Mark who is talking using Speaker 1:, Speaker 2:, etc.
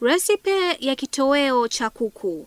Speaker 1: Resipe ya kitoweo cha kuku.